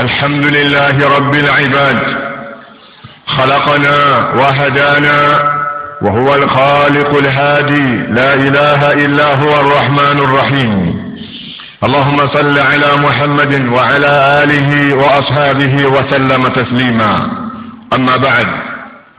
الحمد لله رب العباد خلقنا وهدانا وهو الخالق الهادي لا إله إلا هو الرحمن الرحيم اللهم صل على محمد وعلى آله وأصحابه وسلم تسليما أما بعد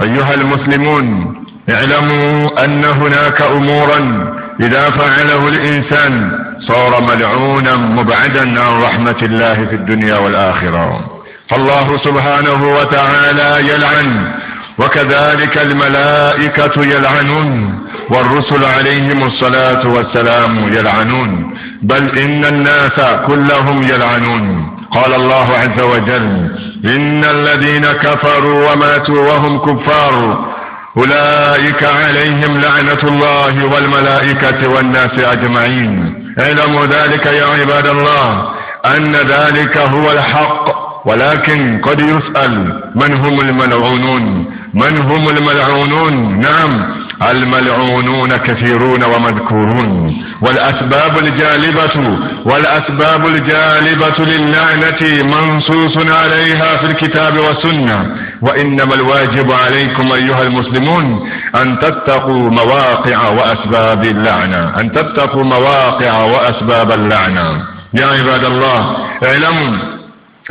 أيها المسلمون اعلموا أن هناك أمورا إذا فعله الإنسان صار ملعونا مبعدا عن رحمة الله في الدنيا والآخرة فالله سبحانه وتعالى يلعن وكذلك الملائكة يلعنون والرسل عليهم الصلاة والسلام يلعنون بل إن الناس كلهم يلعنون قال الله عز وجل إن الذين كفروا وماتوا وهم كفار أولئك عليهم لعنة الله والملائكة والناس أجمعين اعلموا ذلك يا عباد الله أن ذلك هو الحق ولكن قد يسأل من هم الملعونون من هم الملعونون نعم الملعونون كثيرون ومذكورون والأسباب الجالبة والأسباب الجالبة للعنة منصوص عليها في الكتاب والسنة وإنما الواجب عليكم أيها المسلمون أن تتقوا مواقع وأسباب اللعنة أن تتقوا مواقع وأسباب اللعنة يا عباد الله اعلموا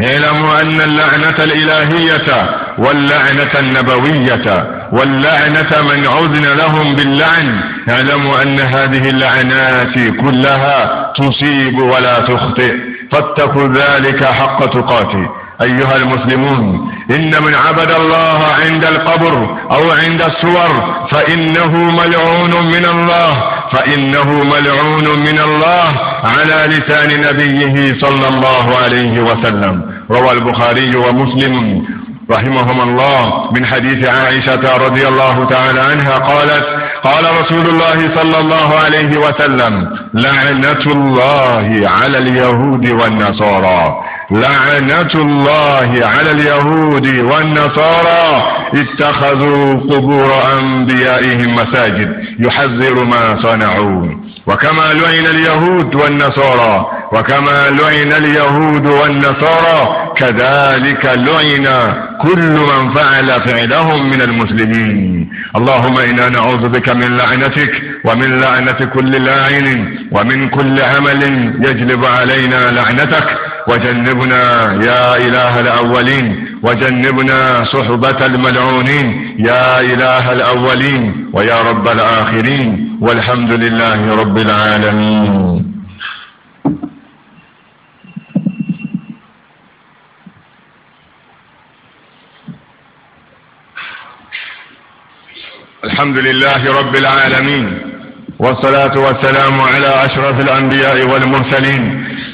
اعلموا أن اللعنة الإلهية واللعنة النبوية واللعنة من عذن لهم باللعن اعلموا أن هذه اللعنات كلها تصيب ولا تخطئ فاتقوا ذلك حق تقاتل أيها المسلمون إن من عبد الله عند القبر أو عند السور فإنه ملعون من الله فإنه ملعون من الله على لسان نبيه صلى الله عليه وسلم روى البخاري ومسلم رحمهما الله من حديث عائشة رضي الله تعالى عنها قالت قال رسول الله صلى الله عليه وسلم لعنة الله على اليهود والنصارى لعنة الله على اليهود والنصارى اتخذوا قبور أنبيائهم مساجد يحذر ما صنعوا وكما لعن اليهود والنصارى وكما لعن اليهود والنصارى كذلك لعن كل من فعل فعلهم من المسلمين اللهم إنا نعوذ بك من لعنتك ومن لعنة كل لاعن ومن كل عمل يجلب علينا لعنتك وجنبنا يا إله الأولين وجنبنا صحبة الملعونين يا إله الأولين ويا رب الآخرين والحمد لله رب العالمين الحمد لله رب العالمين والصلاة والسلام على أشرف الأنبياء والمرسلين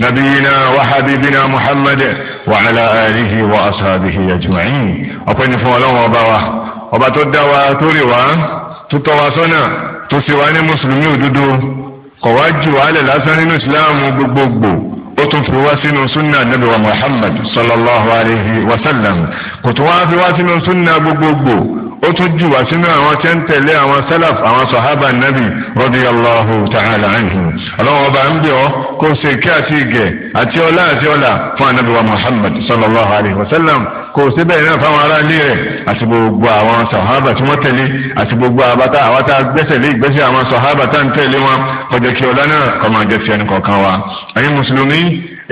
نبينا وحبيبنا محمد وعلى آله وأصحابه أجمعين أقول فولو وبوا وبتدى وتروى تتواصلنا تسواني مسلمي ودودو قواجوا على الأسان الإسلام بقبقبو ó tún fi wá sínú súnà nabi wa muhammad sallallahu alayhi wa sallam kò ó tún jù wá sínú àwọn tí ń tẹ̀lé àwọn sálàf àwọn sọ̀hábà nàbì radiyallahu ta'ala anhum ọlọ́wọ́n ọba ń bẹ̀ ọ́ kó ṣe kí àti ìgẹ̀ àti ọlá àti ọlà fún anabi wa muhammad sallallahu alayhi wa sallam kò sí bẹ́ẹ̀ náà fáwọn ará ilé rẹ̀ àti gbogbo àwọn sọ̀hábà tí wọ́n tẹ̀lé àti gbogbo àbáta àwátá gbẹ́sẹ̀ lé ìgbésẹ̀ àwọn sọ̀hábà tá ń tẹ̀lé wọn kọjá kí ọlá náà kọ́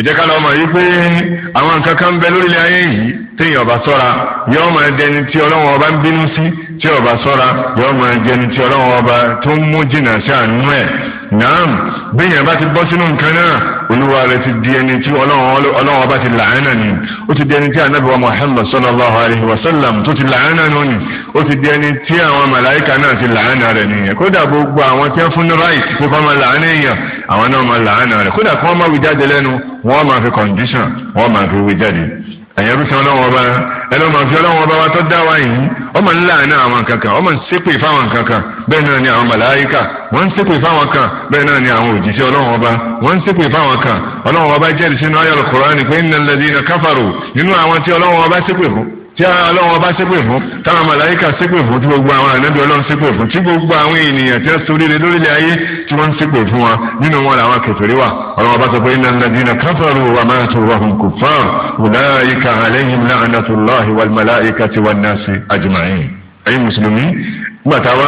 ìjẹ́ ká lọ mọ̀ yí pé àwọn nǹkan kan ń bẹ lórílẹ̀ ayé yìí téèyàn ọba sọ́ra yóò máa jẹni tí ọlọ́wọ́n ọba ń bínú sí tí ọba sọ́ra yóò máa jẹni tí ọlọ́wọ́n ọba tó ń mú jìnnà sí àánú ẹ̀ naam bẹ́ẹ̀ yẹn bá ti bọ́ sínú nǹkan náà olúwa rẹ̀ ti di ẹni tí ọlọ́run ọba ti làánà ni ó ti di ẹni tí anabi wa muhammad sallallahu alayhi wa sallam tó ti làánà nù ni ó ti di ẹni tí àwọn màláìka náà ti làánà rẹ̀ nìyẹn kódà gbogbo àwọn tí wọ́n fún ní right pé kọ́ máa làánà èèyàn àwọn náà máa làánà rẹ̀ kódà kí wọ́n máa wí jáde lẹ́nu wọ́n máa fi condition wọ́n máa fi wí jáde ẹ̀yẹ́ rúṣin ọlọ́wọ́ ọba ẹlọ́mọ fi ọlọ́wọ́ ọba wa tó dá wa yìí ọmọ ńlá ní àwọn kankan ọmọ ń ṣépè fáwọn kankan bẹ́ẹ̀ náà ni àwọn màláyíkà wọ́n ń ṣépè fáwọn kan bẹ́ẹ̀ náà ni àwọn òjíṣẹ́ ọlọ́wọ́ ọba wọ́n ń ṣépè fáwọn kan ọlọ́wọ́ ọba jẹ́rìí sínú ayọ̀lù Kùránì pé innal ladhina kafaru nínú àwọn tí ọlọ́wọ́ ọba ṣépè fún tí ọlọ́run ọba ṣépè fún táwọn màláyíkà ṣépè fún tí gbogbo àwọn ànábì ọlọ́run ṣépè fún tí gbogbo àwọn ènìyàn tí wọ́n soríire lórílẹ̀ ayé tí wọ́n ń ṣépè fún wa nínú wọn làwọn kèfèrí wà ọlọ́run ọba sọ pé iná ńlá dínà káfàrú wa máa tó wà hùn kò fáà ọ̀làyíkà àlẹ́yìn la'natullahi wal malaikati wan nasi ajma'in. ẹ̀yin mùsùlùmí gbàtà wa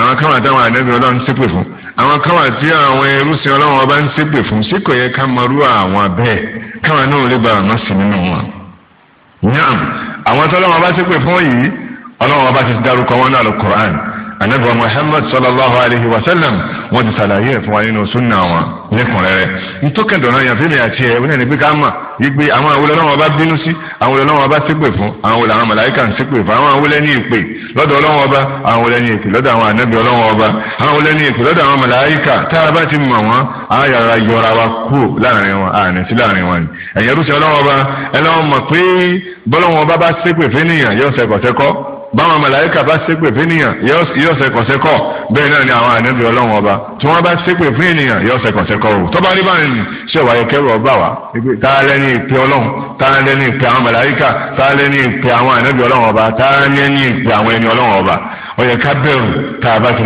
àwọn kan wà táwọn ànábì ọlọ́run ṣépè fún àwọn kan wà tí àwọn ẹrúsìn ọlọ́run ọba ń ṣépè fún sí kò yẹ ká mọrú àwọn bẹ́ẹ̀ káwọn náà lè ba àmọ́ sí nínú wọn. yàn àwọn tí ọlọ́run ọba ṣépè fún yìí ọlọ́run ọba ti dárúkọ wọn náà lọ Kùránì anabiwa muhammad sallallahu alayhi wa sallam wọ́n ti ṣàlàyé ẹ̀ fún wa nínú sunna wọn lẹ́kùnrẹ́rẹ́ ntọ́kẹ̀dọ̀nà yàn fẹ́mi àti ẹ̀ wọ́n ní ẹni pé ká mọ̀ gbígbé àwọn àwọn olóòlù ọba bínú sí àwọn olóòlù ọba ṣépè fún àwọn olóòlù àwọn màláíkà ń ṣépè fún àwọn olóòlù ní ìpè lọ́dọ̀ ọlọ́wọ́ ọba àwọn olóòlù ìpè lọ́dọ̀ àwọn ànábì ọlọ́wọ́ ọba àwọn olóòlù ìpè lọ́dọ̀ àwọn màláíkà tá a báwọn màláíkà bá ṣépè fún ènìyàn yóò ṣẹkọ̀ṣẹkọ̀ bẹ́ẹ̀ náà ni àwọn ànábì ọlọ́run ọba tí wọ́n bá ṣépè fún ènìyàn yóò ṣẹkọ̀ṣẹkọ̀ o tọ́ba ní báyìí ni ṣé wàá yẹ kẹrù ọba wa táà lẹ́ni ìpè ọlọ́run táà lẹ́ni ìpè àwọn màláíkà táà lẹ́ni ìpè àwọn ànábì ọlọ́run ọba táà lẹ́ni ìpè àwọn ẹni ọlọ́run ọba ó yẹ ká bẹ̀rù tá a bá ti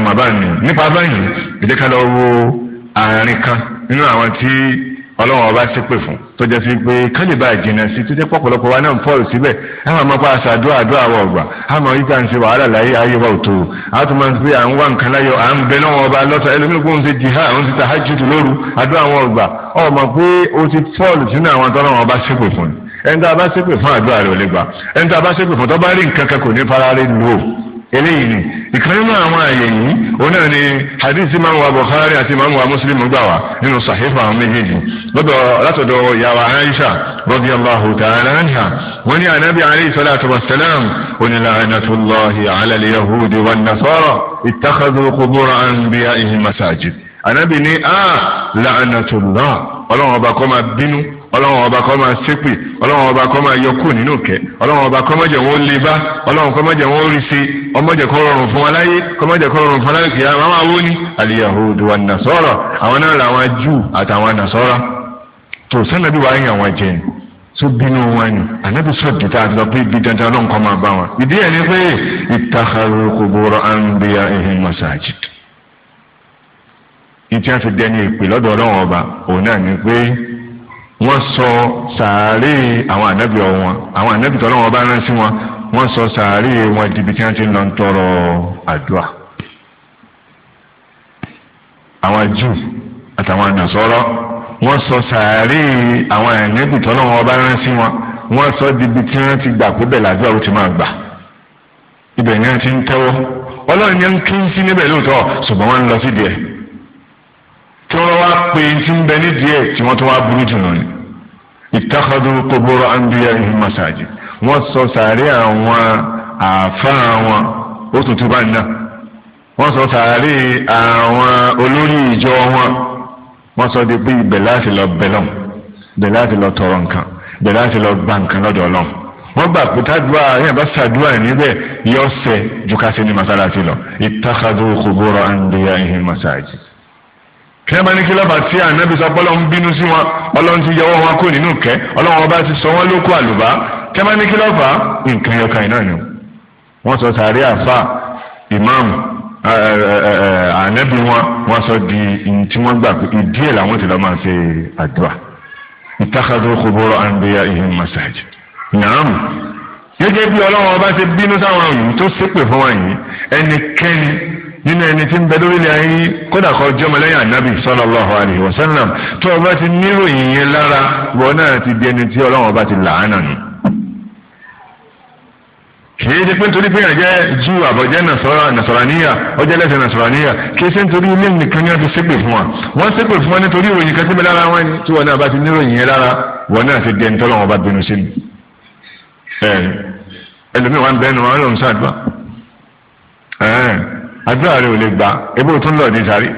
mọ̀ ọlọ́run ọba ṣépè fún tó jẹ́ sí pé kálíbà ìjìnà sí tó jẹ́ pọ̀pọ̀lọpọ̀ wa náà ń fọ́ọ̀lù síbẹ̀ á máa máa pa àṣà àdúrà àdúrà wọ̀ ọ̀gbà á máa yíká ń ṣe wàhálà láyé ayé wa òtò a tún máa ń pè à ń wá nǹkan láyọ̀ à ń bẹ náà ọba lọ́sọ̀ ẹlòmíràn kó ń ṣe jìhá òun ti tahajjudu lóru àdúrà wọn ọ̀gbà ọ mọ̀ pé o ti fọ́ọ̀lù sínú àwọn tọ́lọ́run ọba ṣépè fún ẹni tá a bá ṣépè fún àdúrà rẹ̀ ò lè gbà ẹni tá a bá ṣépè fún tó bá rí nǹkan kan kò ní fara rí lò eléyìí ni ìkan nínú àwọn àyè yìí òun náà ni hadith imam wa bukhari àti imam wa muslim gbà wá nínú sàhífà àwọn méjèèjì lọ́dọ̀ látọ̀dọ̀ ìyàwó aisha radiyallahu ta'ala anha wọ́n ní anabi alayhi salatu wa salam onílànàtúlọ́hì alal yahudi wan nasara ittakhadhu qubur anbiya'ihim masajid anabi ní a ah, la'anatullah ọlọ́run ọba kọ́ máa bínú ọlọ́run ọba kọ́ máa ṣépè ọlọ́run ọba kọ́ máa yọkù nínú kẹ́ ọlọ́run ọba kọ́ mọ̀jẹ̀ wọn ó lè bá ọlọ́run kọ́ mọ̀jẹ̀ wọn ó rí sí ọmọjẹ̀ kọ́ rọrùn fún aláyé kọ́ mọ̀jẹ̀ kọ́ rọrùn fún aláyé kìí àwọn máa wó ní aliyahudu wa nasọ́rọ̀ àwọn náà làwọn jù àtàwọn nasọ́rọ̀ tó sẹ́nàbí wàá yàn wọn jẹ́ tó bínú wọn ni ànábi sọ̀dì tá a ti lọ pé ibi dandan ọlọ́run kọ́ máa bá wọn ìdí ẹ̀ ni pé ittakhadhu qubura anbiya'ihim masajid ìtí wọn fi dẹni ìpè lọ́dọ̀ ọlọ́run ọba òun náà ni pé wọ́n sọ sàárè àwọn ànábì wọn àwọn ànábì tọ́lọ́ wọn bá rán sí wọn wọ́n sọ sàárè wọn dìbì tí wọ́n ti ń lọ ń tọrọ àdúrà. àwọn jù àtàwọn ànàsọ́rọ́ wọ́n sọ sàárè àwọn ànábì tọ́lọ́ wọn bá rán sí wọn wọ́n sọ dìbì tí wọ́n ti gbà pé bẹ́ẹ̀ làdúrà ó ti máa gbà. ibẹ̀ ni wọ́n ti ń tẹ́wọ́ ọlọ́run yẹn ń kí sí níbẹ̀ lóòótọ́ ṣùgbọ́n wọ́n ń lọ sídìí tí wọ́n wá pé tí ń bẹ nídìí ẹ̀ tí wọ́n tún wá burú jù lọ ni ìtàkàdù kòbóró àǹdíyà ìhìn màsáàjì wọ́n sọ sàárẹ̀ àwọn àáfàá wọn ó tún tún bá ń dá wọ́n sọ sàárẹ̀ àwọn olórí ìjọ wọn wọ́n sọ de pé ibẹ̀ láti lọ bẹ̀lọ́m ibẹ̀ láti lọ tọrọ nǹkan ibẹ̀ láti lọ gba nǹkan lọ́dọ̀ ọlọ́run wọ́n gbà pé tádùá yẹn bá sàdúà níbẹ̀ yọ ọ̀sẹ̀ ju ká sí ní masalasi lọ ìtàkàdù kòbóró àǹdíyà ìhìn màsáàjì tí wọ́n bá ní kílọ̀bà tí ànábì sọ pọ́lọ́ ń bínú sí wọn ọlọ́run ti yọwọ́ wọn kó nínú kẹ́ ọlọ́run ọba ti sọ wọ́n lókù àlùbá tí wọ́n bá ní kílọ̀fà nǹkan ẹyọ kan náà ni wọ́n sọ sàárè àfà ìmáàmù ànábì wọn wọ́n sọ di ìyìn tí wọ́n gbà pé ìdí ẹ̀ làwọn ti lọ́ máa ṣe àdúrà ìtàkàdó kòbóró àǹbẹ̀yà ìhìn màsáàjì nàámù gẹ́gẹ́ bí ọlọ́run ọba ti bínú sáwọn nínú ẹni tí ń bẹ lórí ilẹ̀ ayé kódà kọ jọmọ lẹ́yìn anabi sallallahu alayhi wa sallam tó o bá ti níròyìn yẹn lára wọn náà ti di ẹni tí Ọlọ́run ọba ti làánà nù. kìí ṣe pé nítorí pé yàn jẹ́ jù àbọ̀jẹ́ nàṣọ̀ràníyà ọjọ́ ẹlẹ́sẹ̀ nàṣọ̀ràníyà kìí ṣe nítorí ilé nìkan ni wọ́n ti ṣépè fún wa wọ́n ṣépè fún wa nítorí ìròyìn kan síbi lára wọn tí wọn náà bá ti níròyìn ẹlòmíràn wà ń bẹ́ẹ̀ nù wọn lòún ṣàdúrà àdúrà rẹ ò lè gbà ebó tún lọ ní sáré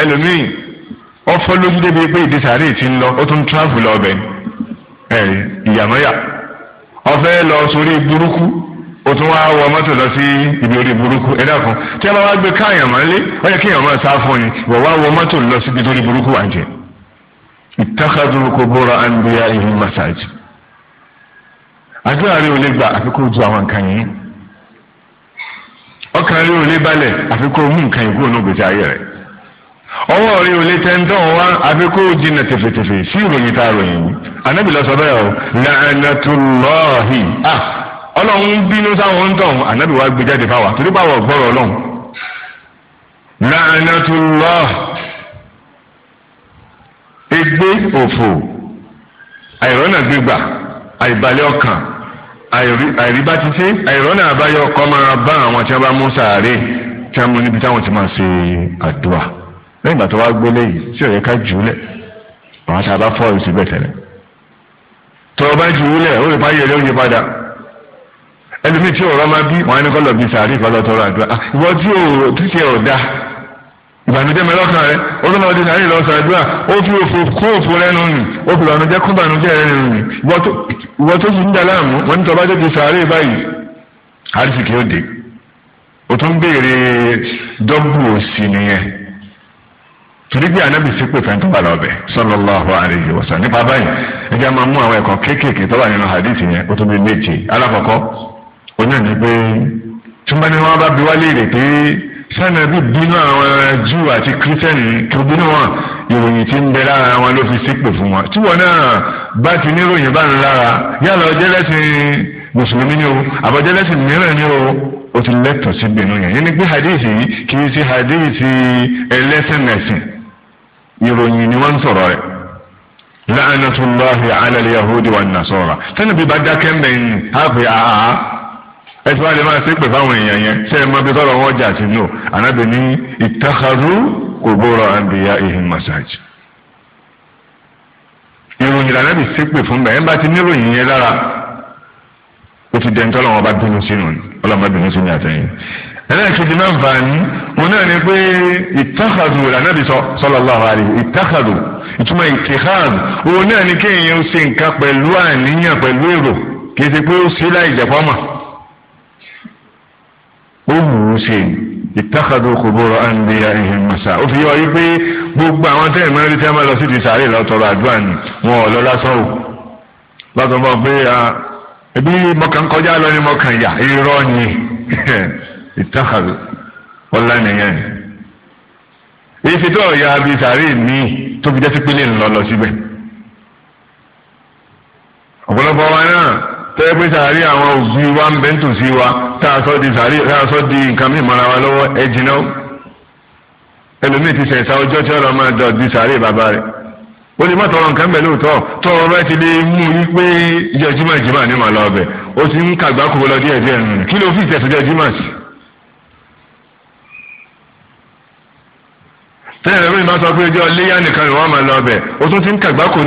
ẹlòmíì ó fọ́ lójú débi pé ìdí sáré ti ń lọ ó tún tíráfù lọ ọbẹ̀ ẹ ìyàmọ́yà ọfẹ́ lọ sórí burúkú ó tún wáá wọ mọ́tò lọ sí ibi orí burúkú ẹ dákun tí a bá wá gbé káàyàn máa lé ó yẹ kéèyàn máa sá fún ni wọ́n wá wọ mọ́tò lọ sí ibi orí burúkú wà jẹ́ ittakhadhu qubura anbiya'ihim masajid àdúrà rẹ ò lè gbà àfikún ju àwọn nǹkan yìí ọkàn rí olè balẹ̀ àfi mụ mú nǹkan ìkú ònú ayé rẹ̀ ọwọ́ rí olè tẹ́ńtọ́ wá àfi kó tẹ̀fẹ̀tẹ̀fẹ̀ sí ìròyìn tá a ròyìn yìí anábì sọ bẹ́ẹ̀ o la'anatullahi à ah, ọlọ́run bínú sáwọn ń anábì gbé jáde gbọ́rọ̀ ọlọ́run àìríbá ti ṣe àìrọ́nà àbáyọ ọkọ máa bá àwọn tí wọ́n bá mú sàárè tí wọ́n mú níbi táwọn ti máa ṣe àdúrà lẹ́yìn ìgbà tó wá gbélé yìí tí ò yẹ ká jù ú lẹ̀ àwọn tá a bá fọ́ọ̀rù síbẹ̀ tẹ̀lé tó o bá jù ú lẹ̀ ó fáyé ẹ̀rẹ́ òye padà ẹlòmíì tí ọ̀rọ̀ máa bí wọn á ní kọ́ bí sàárè kọ́ tọrọ àdúrà ah, ìwọ tí ò tí ṣe ọ̀dà ìbànújẹ́ mi lọ́kàn rẹ olóńgbò ọdún náírà lọ sàdúrà ó fi òfò kó òfò ó fi kó rẹ nù ìwọ tó ti ń dà láàmú wọn ní tọba sàárè báyìí ó dé o tún béèrè dọ́gbù òsì nìyẹn torí pé anábì sí pé fẹ́ntọ́ wà lọ́bẹ̀ sallallahu alaihi wasallam nípa báyìí ẹjẹ́ máa mú àwọn ẹ̀kọ́ kéékèèké tó wà nínú yẹn tún bí méje alákọ̀ọ́kọ́ sanabi bínú àwọn Júù àti kírísítẹ́nì tó bínú wọn ìròyìn tí ń bẹ lára wọn ló fi sípò fún wọn tí wọn náà bá ti níròyìn bá ń lára yálà ọjọ́ lẹ́sìn mùsùlùmí ni o àbọ̀jọ́ lẹ́sìn mìíràn ni o ó ti lẹ́tọ̀ọ́ sí bínú yẹn yẹn ni pé hadith yìí kì í ṣe hadith ẹlẹ́sìnẹ̀sìn ìròyìn ni wọ́n ń sọ̀rọ̀ rẹ̀ la'anatullahi ala al-yahudi wan-nasara sanabi bá dákẹ́ mbẹ́yìn á pè á ẹtí wàá lè máa ṣépè fáwọn èèyàn yẹn ṣe é mọ bí tọrọ wọn jà sí nù ànábì ní ìtàkàrú qubura anbiya ihim masajid. ìròyìn ànábì ṣépè fún bẹ́ẹ̀ ń bá ti níròyìn yẹn lára ó ti dẹ́ntọ́ lọ́wọ́ bá bínú sínú ọlọ́mọ bínú sínú àtẹ̀yìn. ẹlẹ́ẹ̀kejì náà fà ní mo náà ní pé ìtàkàrú ànábì sallallahu alaihi ìtàkàrú ìtumọ̀ ó mú un ṣe ìtàkàdó kòbóró àǹdíyà ìhìn mọ̀sá ó fi yọ yí pé gbogbo àwọn tẹ́ ìmọ̀ rí tẹ́ máa lọ sí ti sàárè lọ́tọ̀rọ̀ àdúrà ni wọn ò lọ lásán o lọ́tọ̀ bọ́ pé ebi mọ̀kàn kọjá lọ ní mọ̀kàn yà irọ́ ni ìtàkàdó ọ̀la nìyẹn èsì tó bíi sàárè mi tó jẹ́ sí pélé ńlọ lọ síbẹ̀ ọ̀pọ̀lọpọ̀ wa náà tẹ́lẹ̀ pé sàárì àwọn òbí wa ń bẹ́ ń tòsí wa tá a sọ di sàárì tá a sọ di nǹkan mí mọ́ra wa lọ́wọ́ ẹ jìnnà ó ẹlòmíì ti sẹ̀sà ọjọ́ tí ọ̀rọ̀ máa dọ̀ di sàárì bàbá rẹ̀ ó lè má tọrọ nǹkan bẹ̀ lóòótọ́ tọrọ bá ti lè mú yí pé ìjọ jimá jimá ni màá lọ bẹ̀ ó ti ń kàgbá kó lọ díẹ̀ díẹ̀ nù kí ló fi ìtẹ̀sọ́jọ́ jimá sí. tẹ́lẹ̀ lómi bá sọ pé ọjọ́ ni wọ́n máa lọ bẹ̀ ó tún ti ń kàgbá kó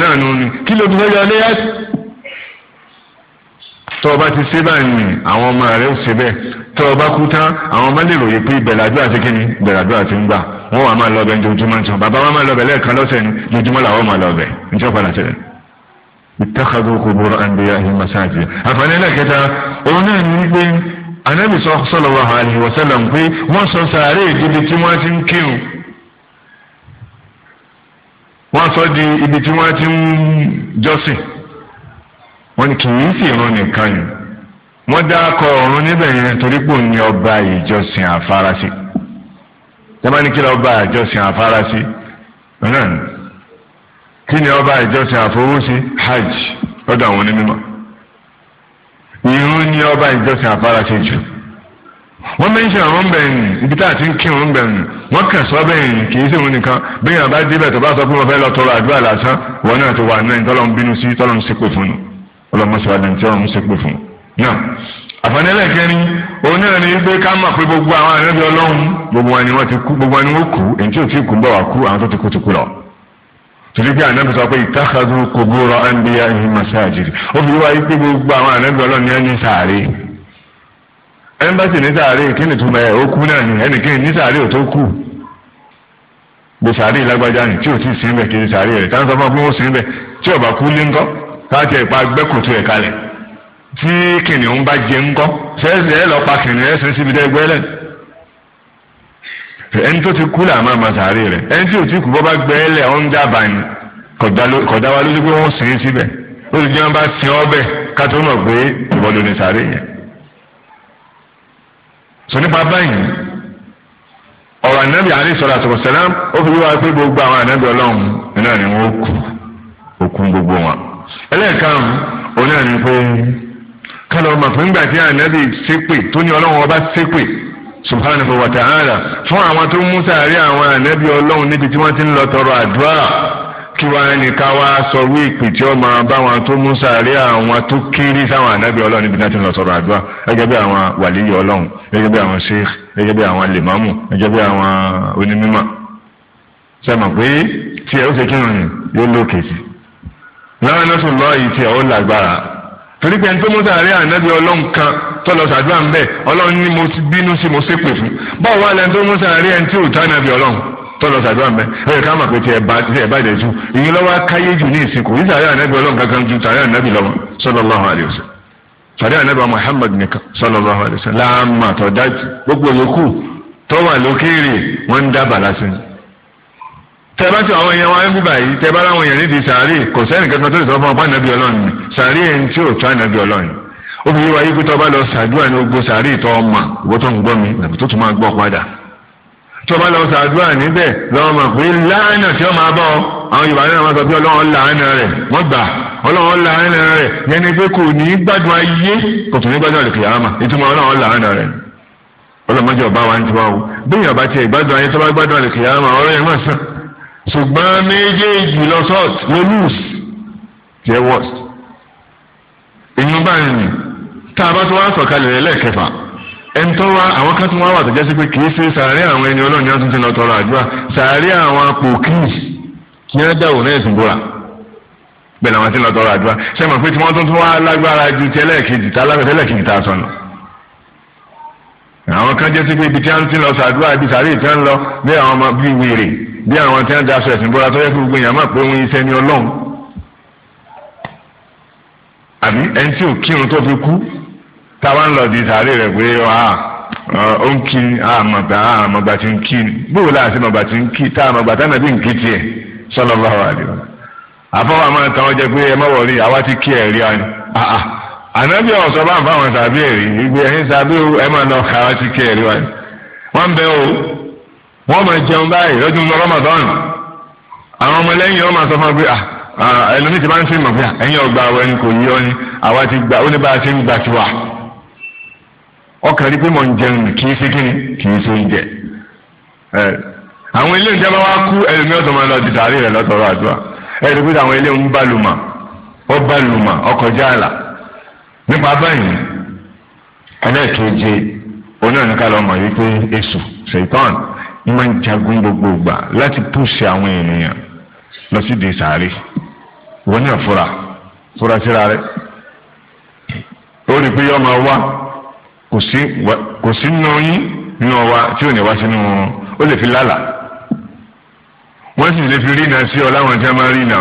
tó o bá ti ṣe báyìí àwọn ọmọ rẹ ó ṣe bẹ́ẹ̀ tó o bá kú tán àwọn ọmọ lè ròyìn pé ìbẹ̀lájú àti kíni ìbẹ̀lájú àti ń gbà wọ́n wà máa lọ́bẹ̀ ojoojúmọ́ nìkan bàbá wọn máa lọ́bẹ̀ lẹ́ẹ̀kan lọ́sẹ̀ ni ojoojúmọ́ làwọn máa lọ́bẹ̀ níjọ́ padà tẹ̀lẹ̀. ìtàkàdó kubur anbiya'ihim masajid àfààní ẹlẹ́kẹta òun náà ní pé anabi sallallahu alaihi wasallam pé wọ́n sọ sàárè ìdíbi tí wọ́n ti ń kírun wọ́n sọ di ibi tí wọ́n ti ń jọ́sìn wọ́n ní kì í sì rún nìkan ni wọ́n dá akọ ọ̀run níbẹ̀ yẹn torí pò ní ọba ìjọsìn àfarasí tẹ́lá ní kí ni ọba ìjọsìn àfarasí náà ni kí ni ọba ìjọsìn àfọwọ́sí hajj lọ́dọ̀ àwọn onímọ̀ ìrún ni ọba ìjọsìn àfarasí jù wọ́n mẹ́ńṣẹ́ àwọn ń bẹ̀rù ibi tá a ti ń kí wọn ń bẹ̀rù wọ́n kàn sọ bẹ́ẹ̀ kì í sèwọn nìkan bẹ́ẹ̀ yàrá bá débẹ̀ tó bá sọ pé wọ́n fẹ́ lọ tọrọ àdúrà lásán wọn náà ti wà náà tọ́lọ́ bínú sí tọ́lọ́ ń ṣépè fún un ọlọmọṣẹ wa dantẹ ọrùn ṣe pé fún náà àfọ̀nà ẹlẹ́kẹ́rin òun náà ni pé ká mọ̀ pé gbogbo àwọn ànábì ọlọ́run gbogbo wọn ni wọ́n ti kú gbogbo wọn ni wọ́n kú èyí tí ò tí kú ń bọ̀ wá kú àwọn tó ti kú ti kú lọ torí pé ànábì sọ pé ìtàkàdù kògbóra ẹnbíyà ìhìn masajid obìnrin wa yí pé gbogbo àwọn ànábì ọlọ́run yẹn ní sàárè ẹnbàtì ní sàárè kí ni túmọ̀ ẹ̀ ó kú náà ni ẹnìkan ní sàárè ò tó kù gbèsàárè lágbájá ni tí ò tí ì sí ń bẹ̀ kí ni sàárè rẹ̀ táwọn sọ fún ọ pé ó sí káàtì ìpa gbẹ́kùtù ẹ̀ kalẹ̀ tí kìnìún bá jẹ ńkọ́ ṣẹ́ẹ́sì ẹ̀ lọ́ọ́ pa kìnìún ẹ̀ sẹ́ síbi tẹ́ gbẹ́ lẹ̀ ẹni tó ti kú là máa ma sàárè rẹ̀ ẹni tí ò ti kú bọ́ bá gbẹ́ lẹ̀ ọ́n dábàá ni kọ̀dá wa lójú pé wọ́n sìn ín síbẹ̀ ó sì jẹ́ wọn bá sin ọ́ bẹ̀ ká mọ̀ pé ìwọ ló sàárè yẹn. sọ nípa báyìí ọ̀rọ̀ ànábì alayhi salatu wa salam ó fi wá pé gbogbo àwọn ànábì ọlọ́run náà ni wọ́n kú òkun gbogbo wọn ẹlẹ́ẹ̀karùn-ún òun náà ní pé kálọ̀ ọmọ fún ìgbà tí ànábì ṣépè tó ní ọlọ́run ọba ṣépè subhanahu wa ta'ala fún àwọn tó mú sàárẹ̀ àwọn ànábì ọlọ́run níbi tí wọ́n ti ń lọ tọrọ àdúrà kí wàá ní ká wá sọ wí ìpè tí ó máa bá wọn tó mú sàárẹ̀ àwọn tó kéré sáwọn ànábì ọlọ́run níbi tí wọ́n ti ń lọ tọrọ àdúrà gẹ́gẹ́ bí àwọn wàlíyí ọlọ́run gẹ́gẹ́ bí àwọn sheikh gẹ́gẹ́ bí àwọn lèmọ́mù gẹ́gẹ́ bí àwọn onímọ̀ sẹ́mọ̀ pé tí ẹ ó ṣe kírun yóò lókè sí i lánàṣù lọ ìtì ọ̀ lágbára torí pé ntọ́ mọ́tà rẹ̀ ànábì ọlọ́run kan tọ́lọ sàdúrà ń bẹ̀ ọlọ́run ní mo bínú sí mo ṣépè fún báwo wà lẹ́ntọ́ mọ́tà rẹ̀ ẹni tí ò tá ànábì ọlọ́run tọ́lọ sàdúrà ń bẹ̀ ẹ̀ ká mà pé tí ẹ bá tí ẹ bá dẹ̀ jù ìyẹn lọ́wọ́ káyé jù ní ìsìnkú ní sàrẹ́ ànábì ọlọ́run kankan ju sàrẹ́ ànábì lọ́wọ́ sallallahu alaihi wasallam sàrẹ́ Muhammad nìkan sallallahu alaihi wasallam láàmà tọ́jà gbogbo yòókù tọ́wà lókèrè wọ́n ń tẹ bá ti àwọn èèyàn wa níbí báyìí tẹ bá láwọn èèyàn nídìí sàárè kò sẹ́nì kankan tó lè sọ fún ọpá ìnàbí ọlọ́run ni sàárè ẹ̀ ń tí ò tó ànàbí ọlọ́run obìnrin wa yìí pé tọ́ bá lọ sàdúrà ní ogbó sàárè ìtọ́ ọmọ ìwọ tó ń gbọ́ mi nàbí tó tún máa gbọ́ padà tọ́ bá lọ sàdúrà níbẹ̀ lọ́wọ́ mọ̀ pé láàánà tí ó máa bọ̀ àwọn Yorùbá náà máa sọ pé ọlọ́run láàánà rẹ̀ wọ́n gbà ọlọ́run láàánà rẹ̀ yẹn ni pé kò ní gbádùn ayé kò ṣùgbọ́n méjèèjì lọ sọ́ọ̀t ló lùs jẹ́ wọ́st èyí báyìí ni tá a bá tún wá sọ̀kalẹ̀ lẹ́ẹ̀kẹfà ẹni tó wá àwọn kan tún wá wà tó jẹ́ sí pé kì í ṣe sàárẹ̀ àwọn ẹni ọlọ́ọ̀ni ọ̀tún ti lọ tọrọ àdúrà sàárẹ̀ àwọn pòkìs kí wọ́n dà òun ẹ̀sìn bóra bẹ́ẹ̀ làwọn ti lọ tọrọ àdúrà ṣé mọ̀ pé tí wọ́n tún tún wá lágbára ju ti ẹlẹ́ẹ̀kejì tá ẹlẹ́ẹ̀kejì tá a sọnù àwọn kan jẹ́ sí pé ibi tí wọ́n ti lọ sàdúrà ibi sàárẹ̀ ìtẹ́ ń lọ bẹ́ẹ̀ àwọn ọmọ bíi wèrè bí àwọn tí wọ́n da aṣọ ẹ̀sìn bọ́ra tó yẹ kí gbogbo èèyàn máa pé wọ́n iṣẹ́ ní àbí tí ò kírun tó fi kú lọ di sàárè rẹ̀ pé ah, ó ń kí ń kí bóòlù láti mọ̀gbà tí ń kí tá tánà bí ń kí àfọwọ́ àmọ́ pé ẹ àwa ti kí rí ah, ah. ànábì ọ̀sọ́ bá ń fáwọn sàbí ẹ̀rí ìgbé ẹ̀yìn sàbí ẹ lọ wọ́n máa jẹun báyìí lọ́dún Ramadan àwọn ọmọlẹ́yìn yóò máa sọ fún ọ pé ah, ah, ẹlòmíì ti máa ń fi mọ̀ pé ah, ẹ̀yin ọgbà àwọn ẹni kò yí ọ ni àwa ti gbà ó ní bá a ti ń gbà tiwa ọkàn rí pé mò ń jẹun kì í ṣe kíni kì í ṣe oúnjẹ àwọn ilé ìjọba wa kú ẹlòmíì ọ̀dọ́ máa lọ di tààrí rẹ̀ lọ́tọ̀ọ̀rọ̀ àdúrà ẹ̀rí pé àwọn ilé ń bálùmà ó bálùmà ọkọjá máa ń jagun gbogbo ìgbà láti pùsì àwọn ènìyàn lọ sí di sàárè wọn náà fura fura síra rẹ ó rí i pé yọ máa wá kò sí nínú yín nínú wa tí ò ní wá sínú wọn ó lè fi lálàá wọ́n sì lè fi rí iná sí ọ láwọn tí a máa rí iná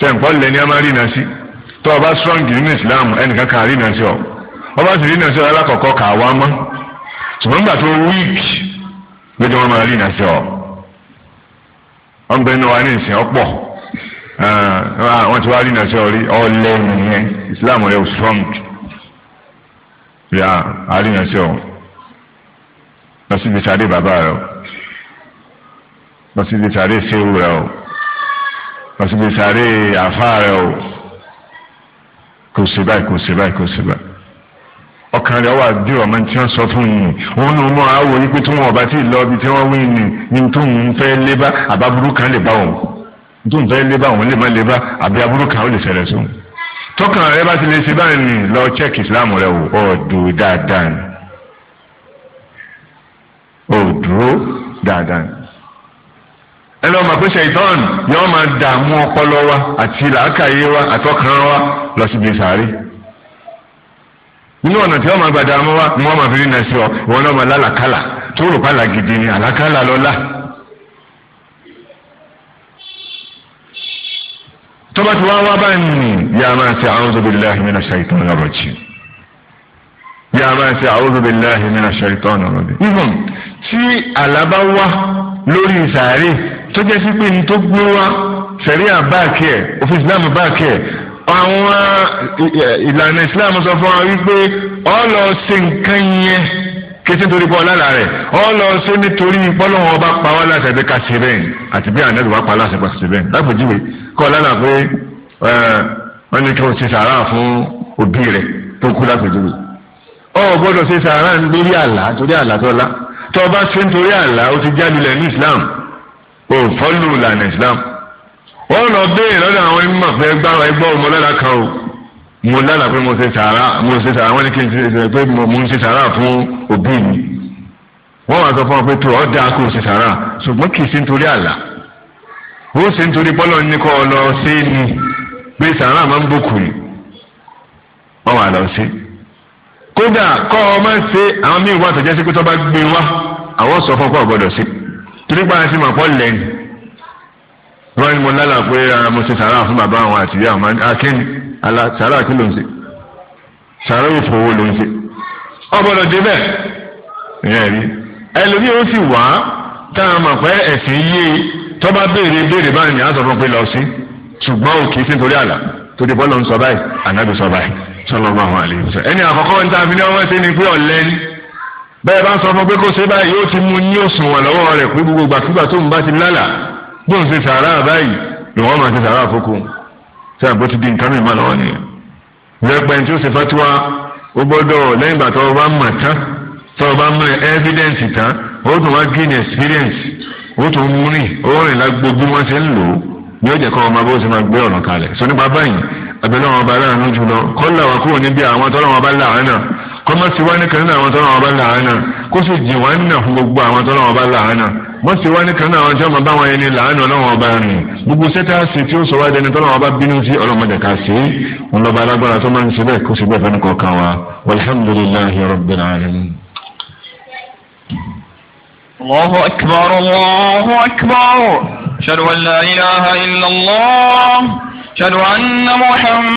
tẹ̀ ń pọ́lẹ̀ a máa rí iná sí tó o bá strong nínú Islam ẹnìkan kà á rí iná sí ọ ọ bá sì rí iná sí ọ alákọ̀ọ́kọ́ kà á wá mọ́ ṣùgbọ́n nígbà tó wíìkì lójú wọn máa rí ìnáṣẹ ọ wọn bẹ nínú wa ní ìsìn ọ̀pọ̀ wọn ti wá rí ìnáṣẹ ọ rí ọlẹ nìyẹn Islam rẹ ò strong yà á rí ìnáṣẹ ọ lọ sí ibi bàbá rẹ lọ sí ibi ṣéwù rẹ o lọ sí ibi sáré rẹ o kò sí báyìí kò sí báyìí kò sí báyìí ọkàn rẹ̀ wà dé ọmọ tí wọ́n sọ fún yìí òun náà mọ̀ á wò wípé tí wọ́n ọba tí ì lọ ibi tí wọ́n wí ni ní tó ń fẹ́ lé bá kan lè bá òun tó ń fẹ́ lé bá lè má lé àbí aburú kan ó lè ṣẹlẹ̀ sóun tọkàn rẹ bá ti lè ṣe báyìí ni lọ check islam rẹ o ó dúró dáadáa ni ó dúró dáadáa ni ẹ lọ́ọ́ máa pé ṣèitán yọ́ọ́ máa dààmú ọpọlọ wa àti làákàyè wa àtọkàn wa lọ síbi sàárè inú ọ̀nà tí wọ́n máa gbàdá mọ́ wa ni wọ́n máa fi rí nàìjíríà wọn náà máa lálàkàlà tó rò pàlà gidi ni àlàkàlà lọ́la. tọ́ba tí wọ́n wá báyìí ni yàrá máa ṣe a'udhu billahi minash shaitanir rajim yàrá máa ṣe a'udhu billahi minash shaitanir rajim. ihun tí àlábá wá lórí ìsàárè tó jẹ́ sí pé ní tó gbé wá sẹ̀ríà báàkì ẹ̀ àwọn ìlànà islam sọ fún wa wípé ọ lọ ṣe nǹkan yẹn kété torí pọ́ lára rẹ̀ ọ lọ ṣe nítorí pọ́lọ́wọ́n ọba pa wá láṣẹ pé ká ṣe bẹ́ẹ̀ àti bí àná ìwà pa láṣẹ pé ká ṣe bẹ́ẹ̀ lápòjúwe kọ́ lára pé wọ́n ní kí o ṣe sàárà fún òbí rẹ̀ tó kú lápòjúwe ọ gbọ́dọ̀ ṣe sàárà lórí àlá torí àlá tọ́lá tọ́ ọba ṣe nítorí àlá o ti jálulẹ̀ ní islam o fọ́lù ìlànà islam ó lọ béèrè lọ́dọ̀ àwọn onímọ̀ pé gbá ẹgbọ́ ọmọ lára kan o mo lára pé mo ṣe sàárà mo ṣe sàárà wọ́n ní kí n ṣe pé mo ń ṣe sàárà fún òbí mi wọ́n wá sọ fún ọ pé tó ọ dáa kó o ṣe sàárà ṣùgbọ́n kì í ṣe nítorí àlà ó ṣe nítorí bọ́lọ̀ ní kọ́ lọ ṣe ni pé sàárà máa ń bòkù ni wà lọ ṣe kódà kọ́ ọ máa ń ṣe àwọn míì wà tó pé tó bá gbé wá àwọn sọ fún ọ pé ọ gbọ́dọ̀ torí pé a pọ́ lẹ́nu wọ́n ní mo lálàá pé ah, mo ṣe sàrà fún bàbá àwọn àti ìyá àwọn akíní ah, sàrà kí ló ń ṣe sàrà òfòwò ló ń ṣe ọgbọ́dọ̀ débẹ̀ ìyẹn rí ẹlòmíì ó sì wá tá a mọ̀ pé ẹ̀sìn yé e, tọ́ba béèrè béèrè báyìí ni a sọ fún pé lọ sí ṣùgbọ́n òkè sí nítorí àlà torí bọ́lọ̀ ń sọ báyìí ànábì sọ báyìí sallallahu alaihi wasallam ẹni àkọ́kọ́ ń ta fi ọmọ ẹsẹ̀ ni pé ọ̀lẹ́ ni bẹ́ẹ̀ bá sọ fún pé kó ṣe báyìí yóò ti mú ní òṣùwọ̀n lọ́wọ́ rẹ̀ pé gbogbo gbàkúgbà tó ń bá ti lálàá bó ń ṣe sàárà báyìí ìwọ́n máa ṣe sàárà fókù ṣe àbó ti di nǹkan mìíràn lọ́wọ́ nìyẹn. rẹpẹ tí ó ṣe fatiwa ó gbọ́dọ̀ lẹ́yìn ìgbà tó o bá mọ̀ tán tó o bá mọ̀ evidence tán ó tún wá gain experience ó tún mú rìn ó rìn lágbo bí wọ́n ṣe ń lò ó ní ó jẹ́ kọ́ ọmọ bó ṣe máa gbé ọ̀nà kalẹ̀. sọ nípa báyìí abẹ́lẹ́ wọn ọba aláàánú jùlọ kọ́ làwọn kúrò níbi àwọn tọ́lọ́wọn ọba láàánú kọ́mọ́ sí wá ní kan náà àwọn tọ́lọ́ wọn bá làánà kó sì jìn wá nínà fún gbogbo àwọn tọ́lọ́ wọn bá làánà mọ́ sí wá ní kan náà àwọn tí wọ́n bá wọn ẹni làánà ọlọ́wọ́n ọba rìn gbogbo sẹ́tà sí tí ó sọ wá dẹni tọ́lọ́ wọn bá bínú sí ọlọ́mọdé ká sí wọn lọ́ba alágbára tó máa ń ṣe kó sì bẹ́ẹ̀ fẹ́ni kọ̀ọ̀kan wa walhamdulillahi rabbil alamin. الله أكبر الله أكبر أشهد أن لا إلا الله أشهد أن محمد